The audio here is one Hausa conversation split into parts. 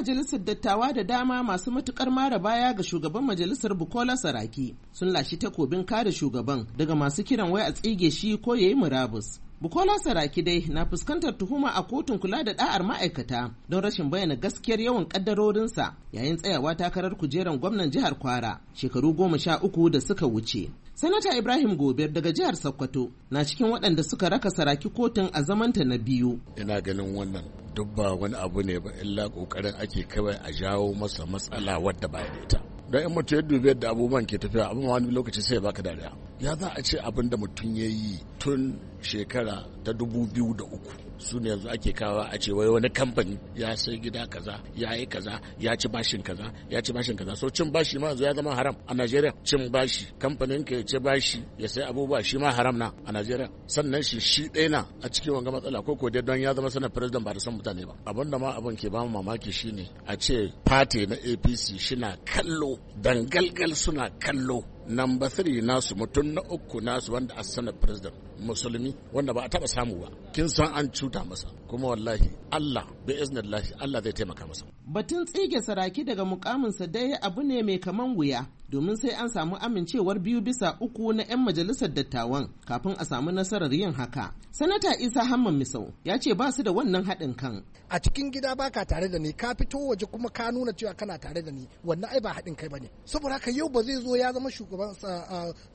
majalisar dattawa da dama masu matukar mara baya ga shugaban majalisar Bukola Saraki sun lashi takobin kare shugaban daga masu kiran wai a tsige shi ko yayi murabus. Bukola Saraki dai na fuskantar tuhuma a kotun kula da da'ar ma'aikata don rashin bayyana gaskiyar yawan kaddarorinsa yayin tsayawa takarar kujeran gwamnan jihar Kwara shekaru goma sha uku da suka wuce. Sanata Ibrahim Gobe, daga jihar Sokoto na cikin waɗanda suka raka Saraki kotun a zamanta na biyu. Ina ganin wannan duk ba wani abu ne ba illa kokarin ake kawai a jawo masa matsala wadda ba da ita don in mutu ya dubi yadda abubuwan ke tafiya abubuwan wani lokaci sai baka dariya ya za a ce abin da mutum ya yi tun shekara ta dubu biyu da uku su ne yanzu ake kawo a ce wai wani kamfani ya sai gida kaza ya yi kaza ya ci bashin kaza ya ci bashin kaza so cin bashi ma yanzu ya zama haram a Najeriya cin bashi kamfanin ka ya ci bashi ya sai abubuwa shi ma haram na a Najeriya sannan shi shi ɗaya na a cikin wanga matsala ko ko dai don ya zama sanar president ba da san mutane ba abin da ma abin ke ba mu mamaki shine a ce party na APC shina kallo dangalgal suna kallo Namba 3 nasu mutum na uku nasu wanda a sanar president musulmi wanda ba a taba samu ba. Kin san an cuta masa kuma wallahi Allah bi iznillahi Allah zai taimaka masa. Batun tsige saraki daga mukamin sa dai abu ne mai kaman wuya. domin sai an samu amincewar biyu bisa uku na 'yan majalisar dattawan kafin a samu nasarar yin haka. Sanata Isa Hamman Misau ya ce ba su da wannan haɗin kan. A cikin gida ba ka tare da ni, ka fito waje kuma ka nuna cewa kana tare da ni, wannan ai ba haɗin kai ba ne. Saboda haka yau ba zai zo ya zama shugaban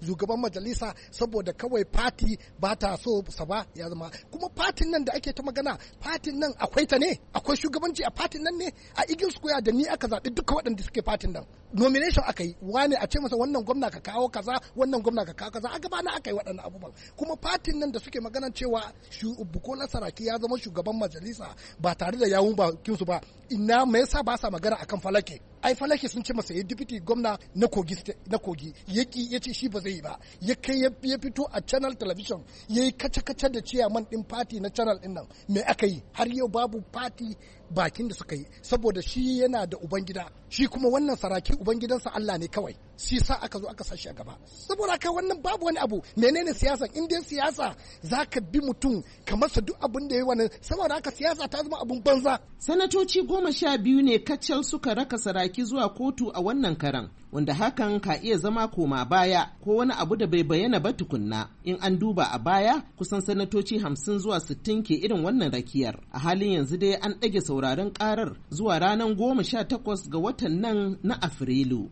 zugaban majalisa saboda kawai fati ba ta so sa ba ya zama. Kuma fatin nan da ake ta magana, fatin nan akwai ta ne, akwai shugabanci a fatin nan ne, a Eagle Square da ni aka zaɓi duka waɗanda suke fatin nan. Nomination aka yi, kaza a ce masa wannan gwamna ka kawo kaza wannan gwamna ka kawo kaza a gaba na aka yi waɗannan abubuwan kuma fatin nan da suke magana cewa bukola saraki ya zama shugaban majalisa ba tare da yawun su ba ina me yasa ba sa magana akan falake ai falaki sun ce masa ya eh, dipiti gwamna na kogi na kogi yaki ya ce shi ba zai yi ba ya kai ya fito a channel television ya yi kaca kaca da man din party na channel din nan me aka yi har yau babu party bakin da suka yi saboda shi yana da ubangida shi kuma wannan saraki ubangidansa Allah ne kawai shi sa aka zo aka sa a gaba saboda ka wannan babu wani abu menene siyasa in dai siyasa ka bi mutum ka masa duk abin da ya wannan saboda haka siyasa ta zama abun banza sanatoci goma sha biyu ne kacal suka raka saraki zuwa kotu a wannan karan wanda hakan ka iya zama koma baya ko wani abu da bai bayyana ba tukunna in an duba a baya kusan sanatoci hamsin zuwa sittin ke irin wannan rakiyar a halin yanzu dai an ɗage sauraron karar zuwa ranar goma sha takwas ga watan nan na afrilu